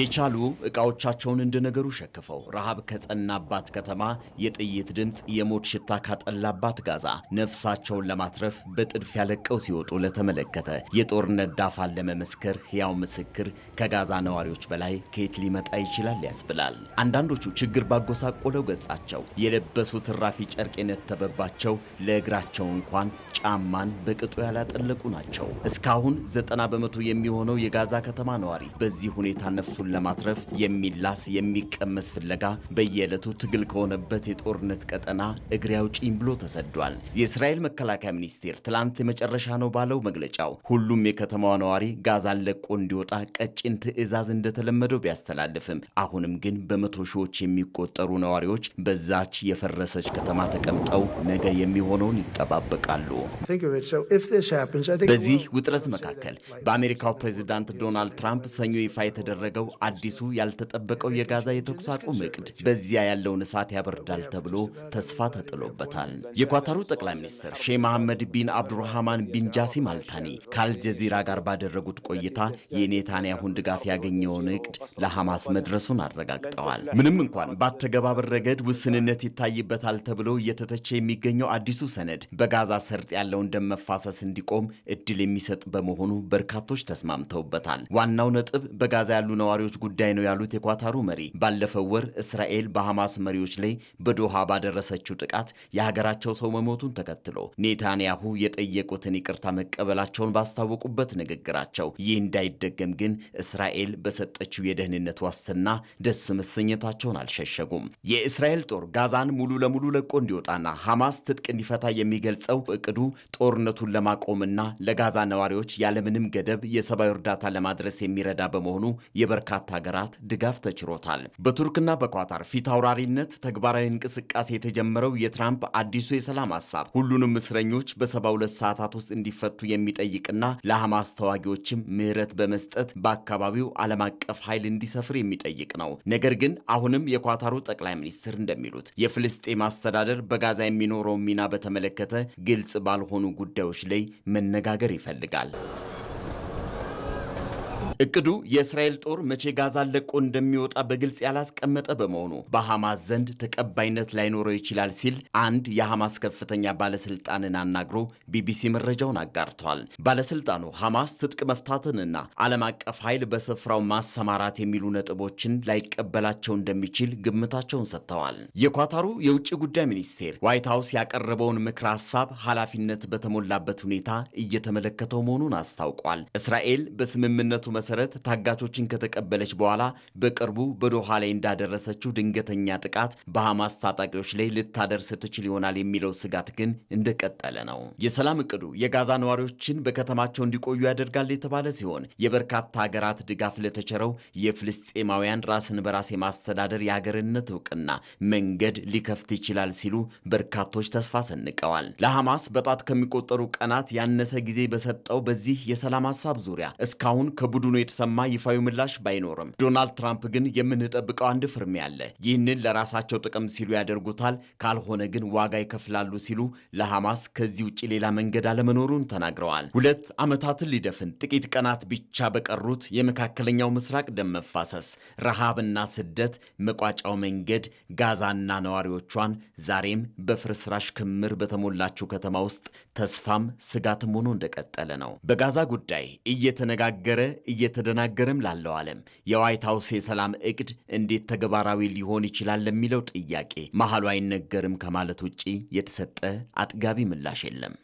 የቻሉ እቃዎቻቸውን እንደነገሩ ሸክፈው ረሃብ ከጸናባት ከተማ፣ የጥይት ድምፅ የሞት ሽታ ካጠላባት ጋዛ ነፍሳቸውን ለማትረፍ በጥድፊያ ለቀው ሲወጡ ለተመለከተ የጦርነት ዳፋን ለመመስከር ሕያው ምስክር ከጋዛ ነዋሪዎች በላይ ከየት ሊመጣ ይችላል ያስብላል። አንዳንዶቹ ችግር ባጎሳቆለው ገጻቸው የለበሱት ትራፊ ጨርቅ የነተበባቸው ለእግራቸው እንኳን ጫማን በቅጡ ያላጠለቁ ናቸው። እስካሁን ዘጠና በመቶ የሚሆነው የጋዛ ከተማ ነዋሪ በዚህ ሁኔታ ነፍሱን ራሱን ለማትረፍ የሚላስ የሚቀመስ ፍለጋ በየዕለቱ ትግል ከሆነበት የጦርነት ቀጠና እግሬ አውጪኝ ብሎ ተሰዷል። የእስራኤል መከላከያ ሚኒስቴር ትላንት የመጨረሻ ነው ባለው መግለጫው ሁሉም የከተማዋ ነዋሪ ጋዛን ለቆ እንዲወጣ ቀጭን ትዕዛዝ እንደተለመደው ቢያስተላልፍም አሁንም ግን በመቶ ሺዎች የሚቆጠሩ ነዋሪዎች በዛች የፈረሰች ከተማ ተቀምጠው ነገ የሚሆነውን ይጠባበቃሉ። በዚህ ውጥረት መካከል በአሜሪካው ፕሬዚዳንት ዶናልድ ትራምፕ ሰኞ ይፋ የተደረገው አዲሱ ያልተጠበቀው የጋዛ የተኩስ አቁም እቅድ በዚያ ያለውን እሳት ያበርዳል ተብሎ ተስፋ ተጥሎበታል። የኳታሩ ጠቅላይ ሚኒስትር ሼህ መሐመድ ቢን አብዱራህማን ቢን ጃሲም አልታኒ ከአልጀዚራ ጋር ባደረጉት ቆይታ የኔታንያሁን ድጋፍ ያገኘውን እቅድ ለሐማስ መድረሱን አረጋግጠዋል። ምንም እንኳን በአተገባበር ረገድ ውስንነት ይታይበታል ተብሎ እየተተቸ የሚገኘው አዲሱ ሰነድ በጋዛ ሰርጥ ያለውን ደም መፋሰስ እንዲቆም እድል የሚሰጥ በመሆኑ በርካቶች ተስማምተውበታል። ዋናው ነጥብ በጋዛ ያሉ ነዋሪ ተማሪዎች ጉዳይ ነው ያሉት የኳታሩ መሪ ባለፈው ወር እስራኤል በሐማስ መሪዎች ላይ በዶሃ ባደረሰችው ጥቃት የሀገራቸው ሰው መሞቱን ተከትሎ ኔታንያሁ የጠየቁትን ይቅርታ መቀበላቸውን ባስታወቁበት ንግግራቸው ይህ እንዳይደገም ግን እስራኤል በሰጠችው የደህንነት ዋስትና ደስ መሰኘታቸውን አልሸሸጉም። የእስራኤል ጦር ጋዛን ሙሉ ለሙሉ ለቆ እንዲወጣና ሐማስ ትጥቅ እንዲፈታ የሚገልጸው እቅዱ ጦርነቱን ለማቆምና ለጋዛ ነዋሪዎች ያለምንም ገደብ የሰብአዊ እርዳታ ለማድረስ የሚረዳ በመሆኑ የበርካ በበርካታ ሀገራት ድጋፍ ተችሮታል። በቱርክና በኳታር ፊት አውራሪነት ተግባራዊ እንቅስቃሴ የተጀመረው የትራምፕ አዲሱ የሰላም ሀሳብ ሁሉንም እስረኞች በ72 ሰዓታት ውስጥ እንዲፈቱ የሚጠይቅና ለሐማስ ተዋጊዎችም ምህረት በመስጠት በአካባቢው ዓለም አቀፍ ኃይል እንዲሰፍር የሚጠይቅ ነው። ነገር ግን አሁንም የኳታሩ ጠቅላይ ሚኒስትር እንደሚሉት የፍልስጤም አስተዳደር በጋዛ የሚኖረው ሚና በተመለከተ ግልጽ ባልሆኑ ጉዳዮች ላይ መነጋገር ይፈልጋል። እቅዱ የእስራኤል ጦር መቼ ጋዛን ለቆ እንደሚወጣ በግልጽ ያላስቀመጠ በመሆኑ በሐማስ ዘንድ ተቀባይነት ላይኖረው ይችላል ሲል አንድ የሐማስ ከፍተኛ ባለስልጣንን አናግሮ ቢቢሲ መረጃውን አጋርቷል። ባለስልጣኑ ሐማስ ትጥቅ መፍታትንና ዓለም አቀፍ ኃይል በስፍራው ማሰማራት የሚሉ ነጥቦችን ላይቀበላቸው እንደሚችል ግምታቸውን ሰጥተዋል። የኳታሩ የውጭ ጉዳይ ሚኒስቴር ዋይት ሀውስ ያቀረበውን ምክር ሀሳብ ኃላፊነት በተሞላበት ሁኔታ እየተመለከተው መሆኑን አስታውቋል። እስራኤል በስምምነቱ መሰ መሰረት ታጋቾችን ከተቀበለች በኋላ በቅርቡ በዶሃ ላይ እንዳደረሰችው ድንገተኛ ጥቃት በሐማስ ታጣቂዎች ላይ ልታደርስ ትችል ይሆናል የሚለው ስጋት ግን እንደቀጠለ ነው። የሰላም እቅዱ የጋዛ ነዋሪዎችን በከተማቸው እንዲቆዩ ያደርጋል የተባለ ሲሆን የበርካታ ሀገራት ድጋፍ ለተቸረው የፍልስጤማውያን ራስን በራስ የማስተዳደር የሀገርነት እውቅና መንገድ ሊከፍት ይችላል ሲሉ በርካቶች ተስፋ ሰንቀዋል። ለሐማስ በጣት ከሚቆጠሩ ቀናት ያነሰ ጊዜ በሰጠው በዚህ የሰላም ሀሳብ ዙሪያ እስካሁን ከቡድኑ የተሰማ ይፋዊ ምላሽ ባይኖርም ዶናልድ ትራምፕ ግን የምንጠብቀው አንድ ፍርሜ አለ። ይህንን ለራሳቸው ጥቅም ሲሉ ያደርጉታል፣ ካልሆነ ግን ዋጋ ይከፍላሉ ሲሉ ለሐማስ ከዚህ ውጭ ሌላ መንገድ አለመኖሩን ተናግረዋል። ሁለት ዓመታትን ሊደፍን ጥቂት ቀናት ብቻ በቀሩት የመካከለኛው ምስራቅ ደም መፋሰስ፣ ረሃብና ስደት መቋጫው መንገድ ጋዛና ነዋሪዎቿን ዛሬም በፍርስራሽ ክምር በተሞላችው ከተማ ውስጥ ተስፋም ስጋትም ሆኖ እንደቀጠለ ነው። በጋዛ ጉዳይ እየተነጋገረ እየ እየተደናገረም ላለው ዓለም የዋይት ሀውስ የሰላም እቅድ እንዴት ተግባራዊ ሊሆን ይችላል ለሚለው ጥያቄ መሀሉ አይነገርም ከማለት ውጪ የተሰጠ አጥጋቢ ምላሽ የለም።